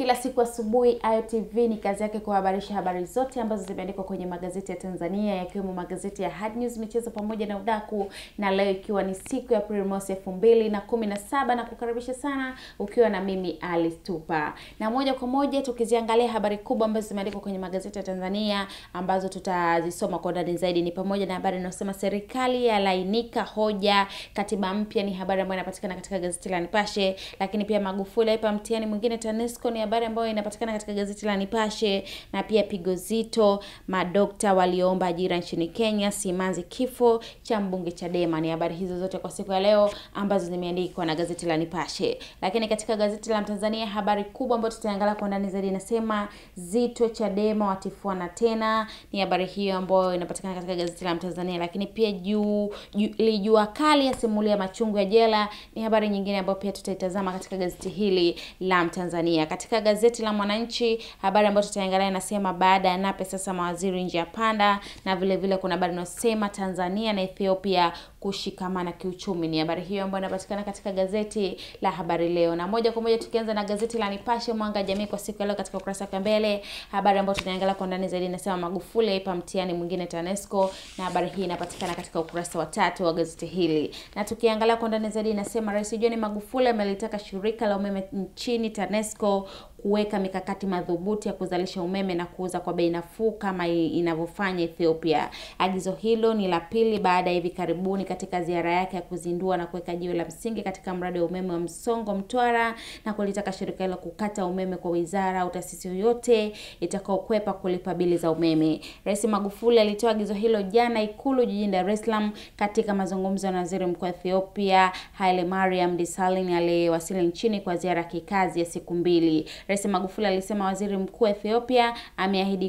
Kila siku asubuhi, Ayo ni kazi yake kuhabarisha habari zote ambazo zimeandikwa kwenye magazeti ya Tanzania yakiwemo magazeti ya Hard News, michezo pamoja na udaku, na leo ikiwa ni siku ya Aprili mosi elfu mbili na kumi na saba na kukaribisha sana ukiwa na mimi Alice Tupa, na moja kwa moja tukiziangalia habari kubwa ambazo zimeandikwa kwenye magazeti ya Tanzania ambazo tutazisoma kwa undani zaidi ni pamoja na habari inayosema serikali yalainika hoja katiba mpya, ni habari ambayo inapatikana katika gazeti la Nipashe, lakini pia Magufuli aipa mtihani mwingine TANESCO ni habari ambayo inapatikana katika gazeti la Nipashe na pia pigo zito, madokta walioomba ajira nchini Kenya, simanzi kifo cha mbunge Chadema. Ni habari hizo zote kwa siku ya leo ambazo zimeandikwa na gazeti la Nipashe. Lakini katika gazeti la Mtanzania, habari kubwa ambayo tutaangalia kwa ndani zaidi inasema Zito, Chadema watifuana tena. Ni habari hiyo ambayo inapatikana katika gazeti la Mtanzania. Lakini pia juu lijua kali yasimulia machungu ya jela, ni habari nyingine ambayo pia tutaitazama katika gazeti hili la Mtanzania. Katika gazeti la Mwananchi, habari ambayo tutaangalia inasema baada ya Nape sasa mawaziri njia panda, na vile vile kuna habari inayosema Tanzania na Ethiopia kushikamana kiuchumi. Ni habari hiyo ambayo inapatikana katika gazeti la Habari Leo, na moja kwa moja tukianza na gazeti la Nipashe mwanga jamii kwa siku ya leo, katika ukurasa wa mbele habari ambayo tunaangalia kwa ndani zaidi inasema Magufuli aipa mtihani mwingine TANESCO, na habari hii inapatikana katika ukurasa wa tatu wa gazeti hili, na tukiangalia kwa ndani zaidi inasema Rais John Magufuli amelitaka shirika la umeme nchini TANESCO kuweka mikakati madhubuti ya kuzalisha umeme na kuuza kwa bei nafuu kama inavyofanya Ethiopia. Agizo hilo ni la pili baada ya hivi karibuni katika ziara yake ya kuzindua na kuweka jiwe la msingi katika mradi wa umeme wa Msongo Mtwara, na kulitaka shirika hilo kukata umeme kwa wizara au taasisi yoyote itakaokwepa kulipa bili za umeme. Rais Magufuli alitoa agizo hilo jana Ikulu jijini Dar es Salaam katika mazungumzo na waziri mkuu wa Ethiopia Haile Mariam Desalegn aliyewasili nchini kwa ziara ya kikazi ya siku mbili. Rais Magufuli alisema waziri mkuu wa Ethiopia ameahidi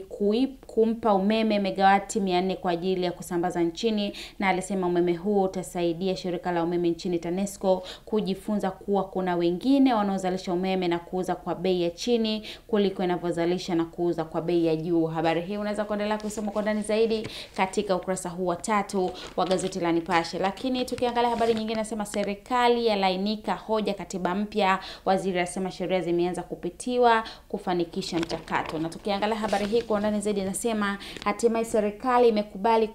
kumpa umeme megawati 400 kwa ajili ya kusambaza nchini, na alisema umeme huo utasaidia shirika la umeme nchini TANESCO kujifunza kuwa kuna wengine wanaozalisha umeme na kuuza kwa bei ya chini kuliko inavyozalisha na kuuza kwa bei ya juu. Habari hii unaweza kuendelea kusoma kwa ndani zaidi katika ukurasa huu wa tatu wa gazeti la Nipashe. Lakini tukiangalia habari nyingine, nasema serikali yalainika hoja katiba mpya, waziri asema sheria zimeanza kupitia kuruhusiwa kufanikisha mchakato. Na tukiangalia habari hii kwa undani zaidi, inasema hatimaye serikali imekubali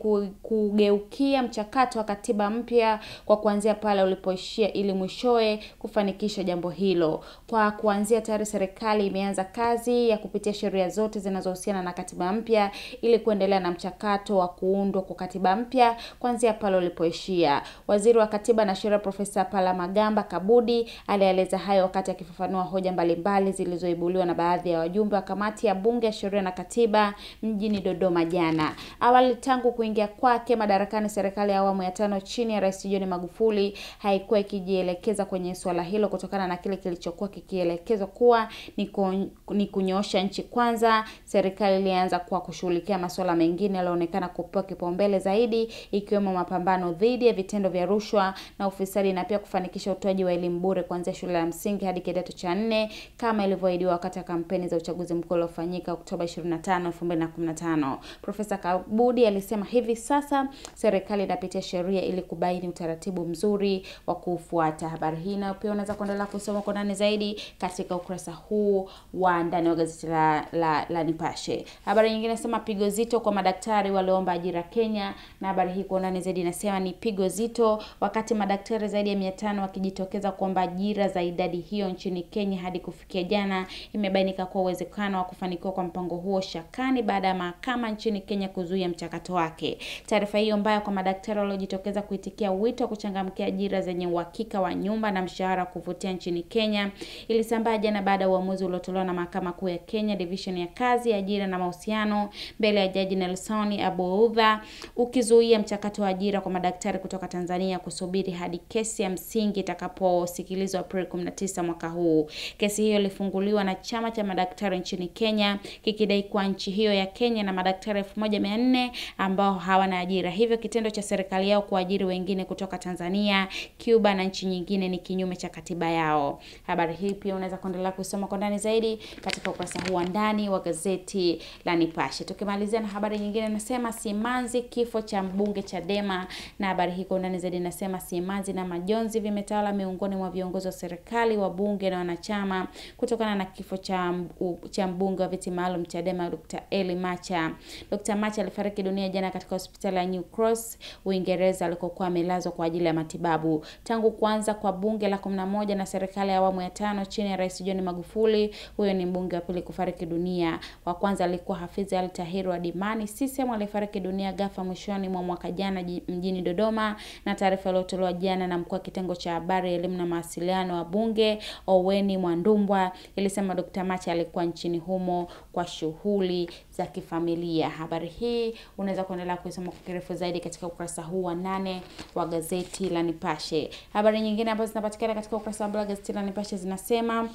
kugeukia mchakato wa katiba mpya kwa kuanzia pale ulipoishia, ili mwishowe kufanikisha jambo hilo. Kwa kuanzia tayari serikali imeanza kazi ya kupitia sheria zote zinazohusiana na katiba mpya ili kuendelea na mchakato wa kuundwa kwa katiba mpya kuanzia pale ulipoishia. Waziri wa Katiba na Sheria Profesa Palamagamba Kabudi alieleza hayo wakati akifafanua hoja mbalimbali zilizo zilizoibuliwa na baadhi ya wajumbe wa kamati ya bunge ya sheria na katiba mjini Dodoma jana. Awali, tangu kuingia kwake madarakani, serikali ya awamu ya tano chini ya Rais John Magufuli haikuwa ikijielekeza kwenye suala hilo kutokana na kile kilichokuwa kikielekezwa kuwa ni kunyoosha nchi kwanza. Serikali ilianza kwa kushughulikia masuala mengine yaliyoonekana kupewa kipaumbele zaidi, ikiwemo mapambano dhidi ya vitendo vya rushwa na ufisadi na pia kufanikisha utoaji wa elimu bure kuanzia shule ya msingi hadi kidato cha nne kama ilivyo aliahidiwa wakati wa kampeni za uchaguzi mkuu uliofanyika Oktoba 25, 2015. Profesa Kabudi alisema hivi sasa serikali inapitia sheria ili kubaini utaratibu mzuri wa kufuata. Habari hii nayo pia unaweza kuendelea kusoma kwa ndani zaidi katika ukurasa huu wa ndani wa gazeti la, la, la Nipashe. Habari nyingine inasema pigo zito kwa madaktari walioomba ajira Kenya, na habari hii kwa undani zaidi inasema ni pigo zito wakati madaktari zaidi ya 500 wakijitokeza kuomba ajira za idadi hiyo nchini Kenya hadi kufikia jana imebainika kuwa uwezekano wa kufanikiwa kwa mpango huo shakani baada ya mahakama nchini Kenya kuzuia mchakato wake. Taarifa hiyo mbaya kwa madaktari waliojitokeza kuitikia wito wa kuchangamkia ajira zenye uhakika wa nyumba na mshahara wa kuvutia nchini Kenya ilisambaa jana baada ya uamuzi uliotolewa na mahakama kuu ya Kenya division ya kazi, ajira na mahusiano mbele ya jaji Nelson Abouba ukizuia mchakato wa ajira kwa madaktari kutoka Tanzania kusubiri hadi kesi ya msingi itakaposikilizwa Aprili 19 mwaka huu. Kesi hiyo ilifunguliwa kuzuiwa na chama cha madaktari nchini Kenya kikidai kuwa nchi hiyo ya Kenya na madaktari 1400 ambao hawana ajira, hivyo kitendo cha serikali yao kuajiri wengine kutoka Tanzania, Cuba na nchi nyingine ni kinyume cha katiba yao. Habari hii pia unaweza kuendelea kusoma kwa ndani zaidi katika ukurasa huu wa ndani wa gazeti la Nipashe. Tukimalizia na habari nyingine, nasema simanzi kifo cha mbunge Chadema, na habari hii kwa undani zaidi nasema simanzi na majonzi vimetawala miongoni mwa viongozi wa serikali, wabunge na wanachama kutokana na kifo cha, cha mbunge wa viti maalum Chadema Dr. Eli Macha. Dr. Macha alifariki dunia jana katika hospitali ya New Cross, Uingereza alikokuwa amelazwa kwa ajili ya matibabu. Tangu kuanza kwa bunge la 11 na serikali ya awamu ya tano chini ya Rais John Magufuli, huyo ni mbunge wa pili kufariki dunia. Wa kwanza alikuwa Hafidh Ali Tahir wa Dimani CCM alifariki dunia ghafla mwishoni mwa mwaka jana mjini Dodoma, na taarifa iliyotolewa jana na mkuu wa kitengo cha habari, elimu na mawasiliano wa bunge Oweni Mwandumbwa ili ilisema Dr. Macha alikuwa nchini humo kwa shughuli za kifamilia. Habari hii unaweza kuendelea kuisoma kwa kirefu zaidi katika ukurasa huu wa nane wa gazeti la Nipashe. Habari nyingine ambazo zinapatikana katika ukurasa wa mbele wa gazeti la Nipashe zinasema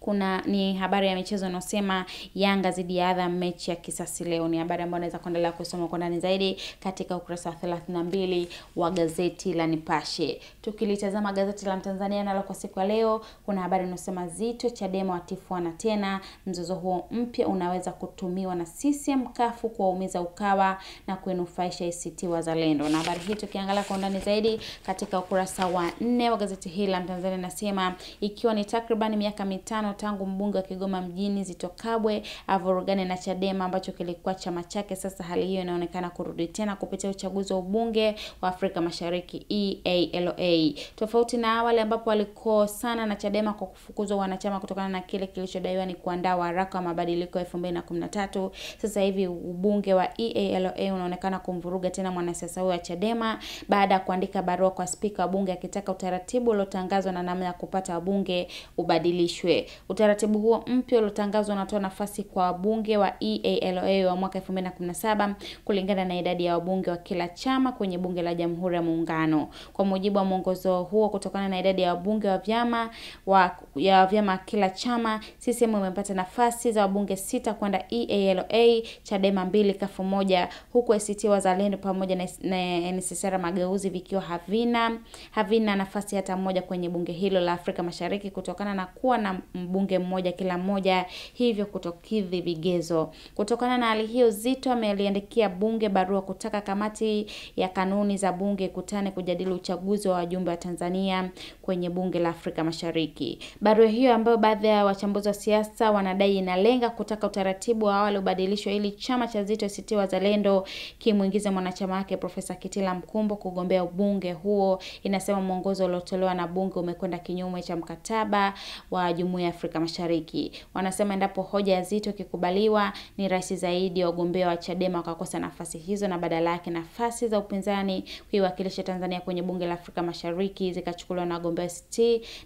kuna ni habari ya michezo inayosema Yanga zidi ya Azam mechi ya kisasi leo. Ni habari ambayo unaweza kuendelea kusoma kwa ndani zaidi katika ukurasa wa 32 wa gazeti la Nipashe. Tukilitazama gazeti la Mtanzania nalo kwa siku ya leo, kuna habari inayosema Zito, Chadema watifuana tena, mzozo huo mpya unaweza kutumiwa na CCM kafu kuwaumiza Ukawa na kuinufaisha ACT Wazalendo. Na habari hii tukiangalia kwa undani zaidi katika ukurasa wa nne wa gazeti hili la Mtanzania nasema ikiwa ni takriban miaka mitano tano tangu mbunge wa Kigoma mjini Zitto Kabwe avurugane na Chadema ambacho kilikuwa chama chake. Sasa hali hiyo inaonekana kurudi tena kupitia uchaguzi wa ubunge wa Afrika Mashariki EALA, tofauti na awali ambapo walikosana na Chadema kwa kufukuzwa wanachama kutokana na kile kilichodaiwa ni kuandaa waraka wa mabadiliko ya 2013. Sasa hivi ubunge wa EALA unaonekana kumvuruga tena mwanasiasa huyo wa Chadema baada ya kuandika barua kwa spika wa bunge akitaka utaratibu uliotangazwa na namna ya kupata wabunge ubadilishwe. Utaratibu huo mpya uliotangazwa unatoa nafasi kwa wabunge wa EALA wa mwaka 2017 kulingana na idadi ya wabunge wa kila chama kwenye bunge la Jamhuri ya Muungano. Kwa mujibu wa mwongozo huo, kutokana na idadi ya wabunge wa vyama wa ya vyama kila chama, CCM imepata nafasi za wabunge sita kwenda EALA, Chadema mbili, kafu moja, huku ACT Wazalendo pamoja na, NCCR Mageuzi vikiwa havina havina nafasi hata moja kwenye bunge hilo la Afrika Mashariki kutokana na kuwa na mbunge mmoja kila mmoja, hivyo kutokidhi vigezo. Kutokana na hali hiyo, Zito ameliandikia bunge barua kutaka kamati ya kanuni za bunge ikutane kujadili uchaguzi wa wajumbe wa Tanzania kwenye bunge la Afrika Mashariki. Barua hiyo ambayo baadhi ya wachambuzi wa siasa wanadai inalenga kutaka utaratibu wa awali ubadilishwe ili chama cha Zito ACT Wazalendo kimwingize mwanachama wake Profesa Kitila Mkumbo kugombea ubunge huo. Inasema mwongozo uliotolewa na bunge umekwenda kinyume cha mkataba wa Jumuiya Afrika Mashariki. Wanasema endapo hoja ya zito ikikubaliwa, ni rahisi zaidi wagombea wa Chadema wakakosa nafasi hizo na badala yake nafasi za upinzani kuiwakilisha Tanzania kwenye bunge la Afrika Mashariki zikachukuliwa na wagombea ACT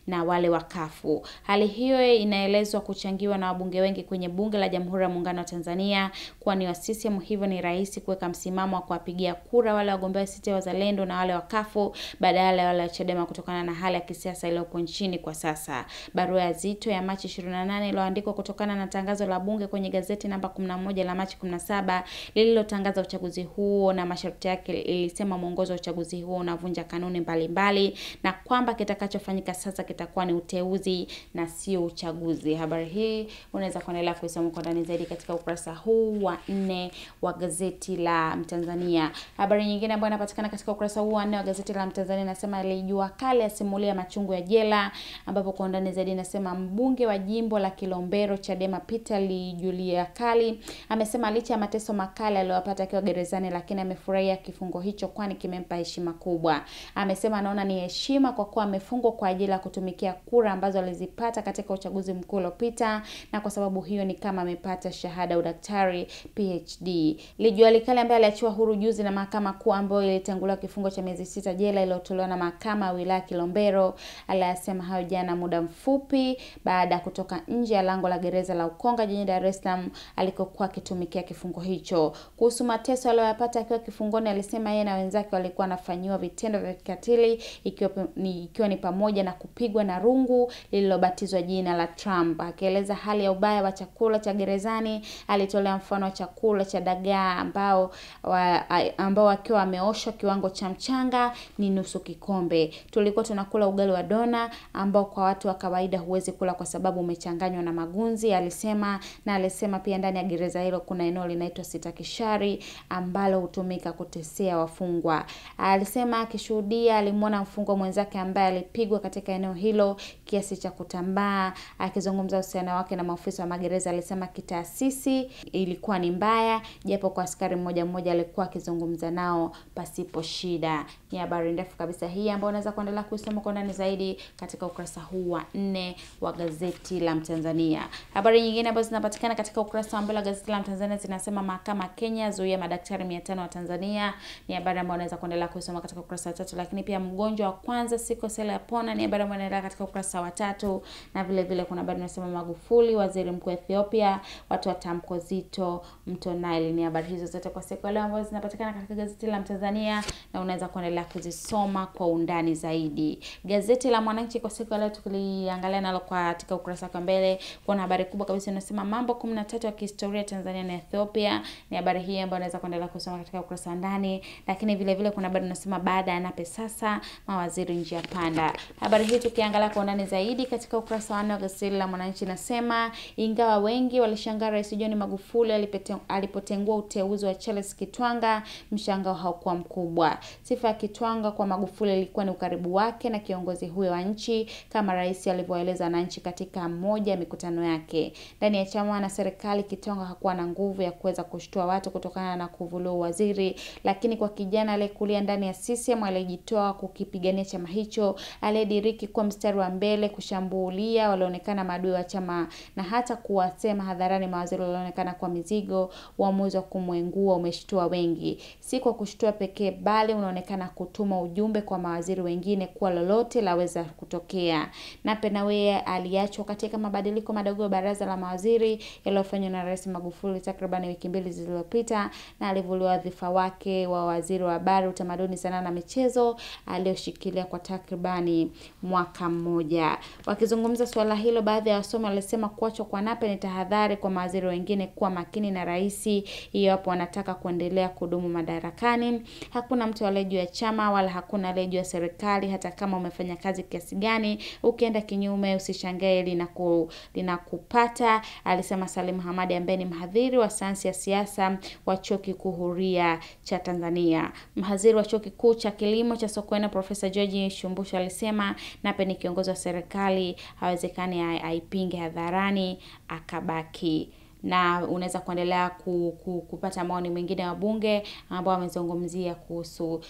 na wale wakafu. Hali hiyo inaelezwa kuchangiwa na wabunge wengi kwenye bunge la Jamhuri ya Muungano wa Tanzania kuwa ni wa CCM, hivyo ni rahisi kuweka msimamo wa kuwapigia kura wale wagombea wa ACT Wazalendo na wale wakafu badala ya wale wa Chadema kutokana na hali ya kisiasa iliyopo nchini kwa sasa. Barua ya Zito ya Machi 28 iliyoandikwa kutokana na tangazo la bunge kwenye gazeti namba 11 la Machi 17 lililotangaza uchaguzi huo na masharti yake. Ilisema mwongozo wa uchaguzi huo unavunja kanuni mbalimbali mbali, na kwamba kitakachofanyika sasa kitakuwa ni uteuzi na sio uchaguzi. Habari hii unaweza kuendelea kuisoma kwa ndani zaidi katika ukurasa huu wa nne wa gazeti la Mtanzania. Habari nyingine ambayo inapatikana katika ukurasa huu wa nne wa gazeti la Mtanzania inasema alijua kale asimulia machungu ya jela, ambapo kwa ndani zaidi inasema mbu mbunge wa jimbo la Kilombero Chadema Peter Julia Kali amesema licha ya mateso makali aliyopata akiwa gerezani, lakini amefurahia kifungo hicho kwani kimempa heshima kubwa. Amesema anaona ni heshima kwa kuwa amefungwa kwa ajili ya kutumikia kura ambazo alizipata katika uchaguzi mkuu uliopita, na kwa sababu hiyo ni kama amepata shahada udaktari PhD. Lijulia Kali ambaye aliachiwa huru juzi na mahakama kuu ambayo ilitanguliwa kifungo cha miezi sita jela iliyotolewa na mahakama ya wilaya Kilombero aliyasema hayo jana muda mfupi baada ya kutoka nje ya lango la gereza la Ukonga jijini Dar es Salaam alikokuwa akitumikia kifungo hicho. Kuhusu mateso aliyoyapata akiwa kifungoni, alisema yeye na wenzake walikuwa wanafanyiwa vitendo vya kikatili ikiwa ni, ikiwa ni pamoja na kupigwa na rungu lililobatizwa jina la Trump. Akieleza hali ya ubaya wa chakula cha gerezani, alitolea mfano wa chakula cha dagaa ambao wa, ambao akiwa ameoshwa kiwango cha mchanga ni nusu kikombe. Tulikuwa tunakula ugali wa dona ambao kwa watu wa kawaida huwezi kula kwa kwa sababu umechanganywa na magunzi, alisema. Na alisema pia ndani ya gereza hilo kuna eneo linaitwa Sitakishari ambalo hutumika kutesea wafungwa. Alisema akishuhudia alimwona mfungwa mwenzake ambaye alipigwa katika eneo hilo kiasi cha kutambaa. Akizungumza uhusiano wake na maafisa wa magereza, alisema kitaasisi ilikuwa ni mbaya, japo kwa askari mmoja mmoja alikuwa akizungumza nao pasipo shida. Ni habari ndefu kabisa hii ambayo unaweza kuendelea kuisoma kwa ndani zaidi katika ukurasa huu wa nne wa gazeti gazeti la Mtanzania. Habari nyingine ambazo zinapatikana katika ukurasa wa mbele wa gazeti la Mtanzania zinasema mahakama Kenya zuia madaktari 500 wa Tanzania. Ni habari ambayo unaweza kuendelea kusoma katika ukurasa wa tatu, lakini pia mgonjwa wa kwanza siko sela yapona, ni habari ambayo inaendelea katika ukurasa wa tatu, na vile vile kuna habari inasema Magufuli waziri mkuu Ethiopia watu wa tamko zito mto Nile. Ni habari hizo zote kwa siku leo ambazo zinapatikana katika gazeti la Mtanzania na unaweza kuendelea kuzisoma kwa undani zaidi. Gazeti la Mwananchi kwa siku leo tukiliangalia nalo kwa katika ukurasa wa mbele kuna habari kubwa kabisa inasema mambo 13 ya kihistoria Tanzania na Ethiopia. Ni habari hii ambayo unaweza kuendelea kusoma katika ukurasa wa ndani, lakini vile vile kuna habari inasema baada ya Nape sasa mawaziri njia panda. Habari hii tukiangalia kwa undani zaidi katika ukurasa wa 4 wa gazeti la Mwananchi nasema ingawa wengi walishangaa Rais John Magufuli alipotengua uteuzi wa Charles Kitwanga, mshangao haukuwa mkubwa. Sifa ya Kitwanga kwa Magufuli ilikuwa ni ukaribu wake na kiongozi huyo wa nchi, kama rais alivyoeleza na wananchi katika moja ya mikutano yake. Ndani ya chama na serikali, Kitonga hakuwa na nguvu ya kuweza kushtua watu kutokana na kuvuliwa uwaziri, lakini kwa kijana aliyekulia ndani ya CCM aliyejitoa kukipigania chama hicho, aliyediriki kuwa mstari wa mbele kushambulia walionekana maadui wa chama na hata kuwasema hadharani mawaziri walionekana kwa mizigo, uamuzi wa kumwengua umeshtua wengi, si kwa kushtua pekee, bali unaonekana kutuma ujumbe kwa mawaziri wengine kuwa lolote laweza kutokea. Nape Nnauye aliacha yacho katika mabadiliko madogo ya baraza la mawaziri yaliyofanywa na Rais Magufuli takriban wiki mbili zilizopita, na alivuliwa wadhifa wake wa waziri wa habari, utamaduni, sanaa na michezo aliyoshikilia kwa takribani mwaka mmoja. Wakizungumza suala hilo, baadhi ya wasomi walisema kuachwa kwa Nape ni tahadhari kwa mawaziri wengine kuwa makini na rais iwapo wanataka kuendelea kudumu madarakani. Hakuna mtu aliyejua chama wala hakuna aliyejua serikali, hata kama umefanya kazi kiasi gani, ukienda kinyume usishangae ambaye linaku, linakupata, alisema Salim Hamadi ambaye ni mhadhiri wa sayansi ya siasa wa Chuo Kikuu Huria cha Tanzania. Mhadhiri wa Chuo Kikuu cha Kilimo cha Sokoine Profesa George Shumbusho alisema Nape ni kiongozi wa serikali, hawezekani aipinge hadharani akabaki na unaweza kuendelea kupata maoni mengine ya wabunge ambao wamezungumzia kuhusu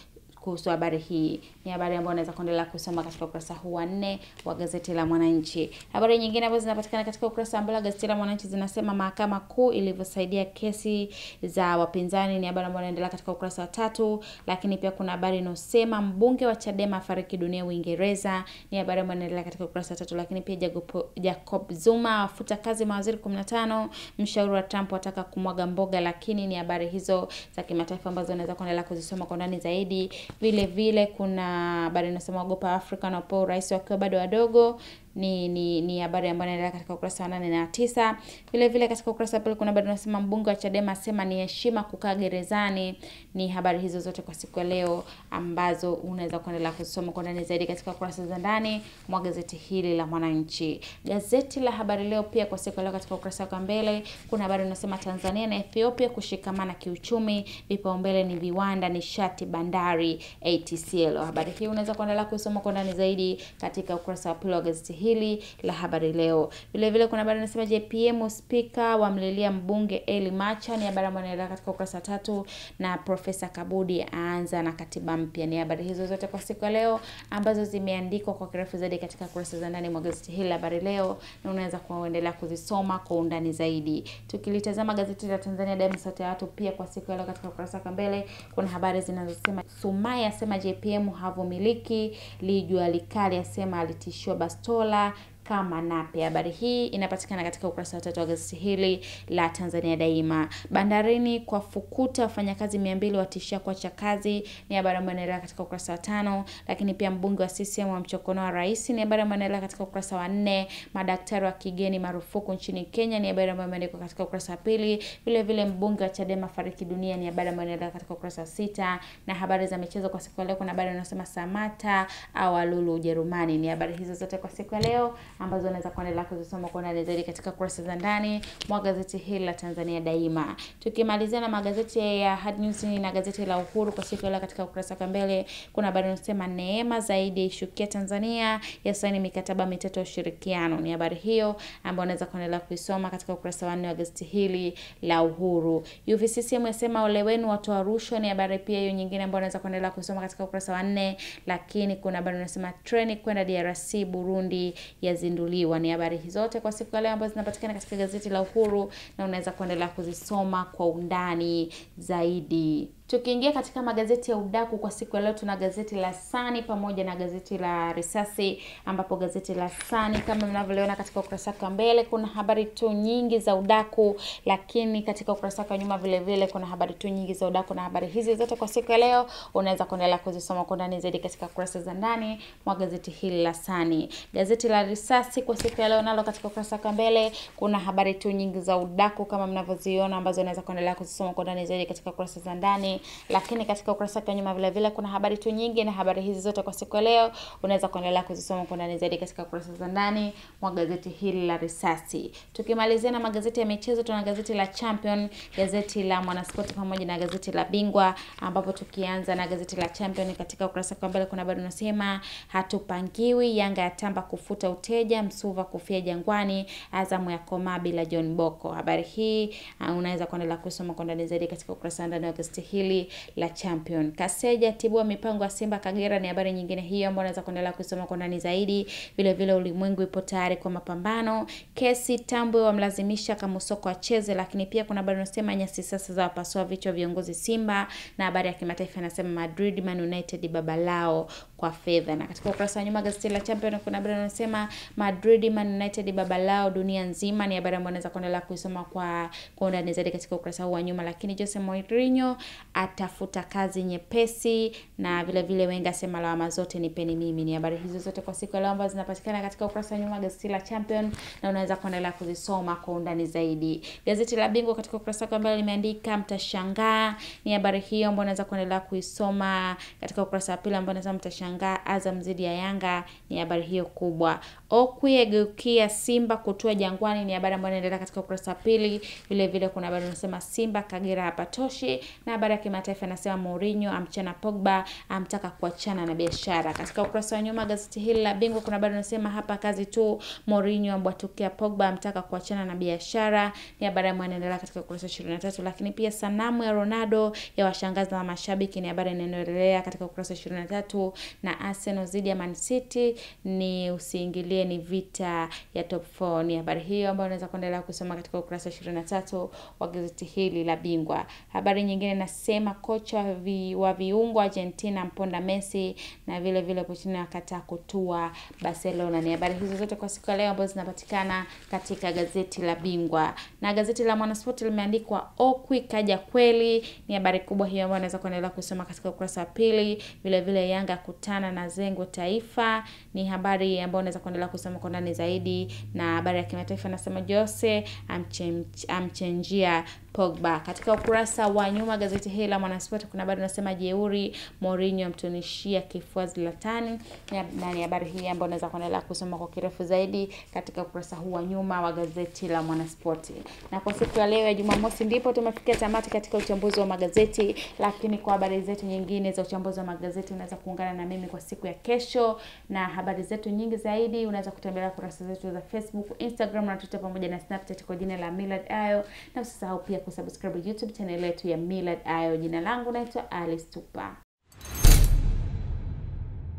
kuhusu habari hii. Ni habari ambayo unaweza kuendelea kusoma katika ukurasa huu wa nne wa gazeti la Mwananchi. Habari nyingine ambazo zinapatikana katika ukurasa wa mbele wa gazeti la Mwananchi zinasema mahakama kuu ilivyosaidia kesi za wapinzani, ni habari ambayo inaendelea katika ukurasa wa tatu. Lakini pia kuna habari inayosema mbunge wa Chadema afariki dunia Uingereza, ni habari ambayo inaendelea katika ukurasa wa tatu. Lakini pia Jacob, Jacob Zuma afuta kazi mawaziri 15, mshauri wa Trump wataka kumwaga mboga, lakini ni habari hizo za kimataifa ambazo unaweza kuendelea kuzisoma kwa ndani zaidi vile vile kuna bado nasema ogopa Afrika, wanaopewa rais wakiwa bado wadogo ni ni, ni habari ambayo inaendelea katika ukurasa wa nane na tisa. Vile vile katika ukurasa wa pili kuna habari unasema mbunge wa Chadema asema ni heshima kukaa gerezani. Ni habari hizo zote kwa siku ya leo ambazo unaweza kuendelea kusoma kwa ndani zaidi katika ukurasa za ndani mwa gazeti hili la Mwananchi. Gazeti la Habari Leo pia kwa siku ya leo katika ukurasa wa mbele kuna habari unasema Tanzania na Ethiopia kushikamana kiuchumi, vipaumbele ni viwanda, nishati, bandari, ATCL. Habari hii unaweza kuendelea kusoma kwa ndani zaidi katika ukurasa wa pili wa gazeti hili hili la habari leo. Vile vile kuna habari inasema JPM spika wamlilia mbunge Eli Macha, ni habari ambayo inaendelea katika ukurasa tatu, na Profesa Kabudi aanza na katiba mpya. Ni habari hizo zote kwa siku ya leo ambazo zimeandikwa kwa kirefu zaidi katika kurasa za ndani mwa gazeti hili la habari leo, na unaweza kuendelea kuzisoma kwa undani zaidi. Tukilitazama gazeti la Tanzania Daima Sauti ya Watu pia kwa siku ya leo, katika ukurasa wa mbele kuna habari zinazosema Sumai asema JPM havumiliki, Lijua Likali asema alitishiwa bastola la kama Nape. Habari hii inapatikana katika ukurasa wa tatu wa gazeti hili la Tanzania Daima. Bandarini kwa fukuta wafanyakazi mia mbili watishia kuacha kazi, ni habari ambayo inaendelea katika ukurasa wa tano. Lakini pia mbunge wa CCM wa mchokonoa rais, ni habari ambayo inaendelea katika ukurasa wa nne. Madaktari wa kigeni marufuku nchini Kenya, ni habari ambayo imeandikwa katika ukurasa wa pili. Vile vile mbunge wa Chadema fariki dunia, ni habari ambayo inaendelea katika ukurasa wa sita. Na habari za michezo kwa siku ya leo, kuna habari inasema Samata au Lulu Ujerumani. Ni habari hizo zote kwa siku ya leo ambazo unaweza kuendelea kuzisoma kwa undani zaidi katika kurasa za ndani mwa gazeti hili la Tanzania Daima. Tukimalizia na magazeti ya Hard News na gazeti la Uhuru kwa siku ile, katika ukurasa wa mbele kuna habari inasema neema zaidi ishukia Tanzania yasaini mikataba mitatu ya ushirikiano. Ni habari hiyo ambayo unaweza kuendelea kuisoma katika ukurasa wa nne wa gazeti hili la Uhuru. UVCCM yasema ole wenu watu wa rushwa, ni habari pia hiyo nyingine ambayo unaweza kuendelea kuisoma katika ukurasa wa nne, lakini kuna habari inasema treni kwenda DRC Burundi ya yamezinduliwa. Ni habari hizo zote kwa siku ya leo ambazo zinapatikana katika gazeti la Uhuru, na unaweza kuendelea kuzisoma kwa undani zaidi. Tukiingia katika magazeti ya udaku kwa siku ya leo, tuna gazeti la Sani pamoja na gazeti la Risasi, ambapo gazeti la Sani kama mnavyoona katika ukurasa wa mbele kuna habari tu nyingi za udaku, lakini katika ukurasa wa nyuma vile vile kuna habari tu nyingi za udaku, na habari hizi zote kwa siku ya leo unaweza kuendelea kuzisoma kwa ndani zaidi katika kurasa za ndani mwa gazeti hili la Sani. Gazeti la Risasi kwa siku ya leo nalo katika ukurasa wa mbele kuna habari tu nyingi za udaku kama mnavyoziona, ambazo unaweza kuendelea kuzisoma kwa ndani zaidi katika kurasa za ndani lakini katika ukurasa wa nyuma vile vile kuna habari tu nyingi, na habari hizi zote kwa siku leo unaweza kuendelea kuzisoma kwa ndani zaidi katika kurasa za ndani mwa gazeti hili la Risasi. Tukimalizia na magazeti ya michezo, tuna gazeti la Champion, gazeti la Mwanaspoti pamoja na gazeti la Bingwa, ambapo tukianza na gazeti la Champion, katika ukurasa wa mbele kuna habari unasema hatupangiwi, Yanga yatamba kufuta uteja, Msuva kufia Jangwani, Azamu ya koma bila John Boko. Habari hii uh, unaweza kuendelea kusoma kwa ndani zaidi katika ukurasa wa ndani wa gazeti hili hili la champion. Kaseja tibu wa mipango ya Simba Kagera ni habari nyingine hiyo ambayo unaweza kuendelea kusoma kwa ndani zaidi. Vile vile ulimwengu ipo tayari kwa mapambano. Kesi Tambwe wamlazimisha Kamusoko acheze, lakini pia kuna habari unasema nyasi sasa za wapasua vichwa viongozi Simba, na habari ya kimataifa inasema Madrid Man United baba lao kwa fedha. Na katika ukurasa wa nyuma gazeti la Champion kuna habari unasema Madrid Man United baba lao dunia nzima, ni habari ambayo unaweza kuendelea kuisoma kwa kwa ndani zaidi katika ukurasa huu wa nyuma, lakini Jose Mourinho atafuta kazi nyepesi na vile vile Wenga sema lawama zote ni peni mimi. Ni habari hizo zote kwa siku ya leo ambazo zinapatikana katika ukurasa wa nyuma gazeti la Champion na unaweza kuendelea kuzisoma kwa undani zaidi. Gazeti la Bingwa katika ukurasa wake mbele limeandika mtashangaa. Ni habari hiyo ambayo unaweza kuendelea kuisoma katika ukurasa wa pili ambao unasema mtashangaa Azam zidi ya Yanga. Ni habari hiyo kubwa. Okwi ageukia Simba kutua Jangwani ni habari ambayo inaendelea katika ukurasa wa pili. Vile vile kuna habari unasema Simba Kagera hapatoshi na habari kimataifa inasema Mourinho amchana Pogba, amtaka kuachana na biashara. Katika ukurasa wa nyuma gazeti hili la Bingwa kuna bado nasema hapa kazi tu, Mourinho ambwatukia Pogba, amtaka kuachana na biashara. Ni habari ambayo inaendelea katika ukurasa wa 23, lakini pia sanamu ya Ronaldo ya washangaza na mashabiki ni habari inaendelea katika ukurasa wa 23, na Arsenal zidi ya Man City ni usiingilie, ni vita ya top 4. Ni habari hiyo ambayo unaweza kuendelea kusoma katika ukurasa wa 23 wa gazeti hili la Bingwa. Habari nyingine nasema amesema kocha vi, wa viungo Argentina mponda Messi na vile vile Pochettino akataa kutua Barcelona. Ni habari hizo zote kwa siku ya leo ambazo zinapatikana katika gazeti la Bingwa na gazeti la Mwanasport limeandikwa Okwi kaja kweli. Ni habari kubwa hiyo ambayo unaweza kuendelea kusoma katika ukurasa wa pili. Vile vile Yanga kutana na Zengo Taifa ni habari ambayo unaweza kuendelea kusoma kwa ndani zaidi, na habari ya kimataifa nasema Jose amchenjia Pogba katika ukurasa wa nyuma gazeti hili bonge la mwanaspoti kuna bado nasema jeuri Mourinho amtunishia kifua Zlatan, na ni habari hii ambayo unaweza kuendelea kusoma kwa kirefu zaidi katika ukurasa huu wa nyuma wa gazeti la Mwanaspoti. Na kwa siku ya leo ya Jumamosi ndipo tumefikia tamati katika uchambuzi wa magazeti, lakini kwa habari zetu nyingine za uchambuzi wa magazeti unaweza kuungana na mimi kwa siku ya kesho, na habari zetu nyingi zaidi unaweza kutembelea kurasa zetu za Facebook, Instagram na Twitter pamoja na Snapchat kwa jina la Millard Ayo, na usisahau pia kusubscribe YouTube channel yetu ya Millard Ayo Jina langu naitwa Alice Tupa.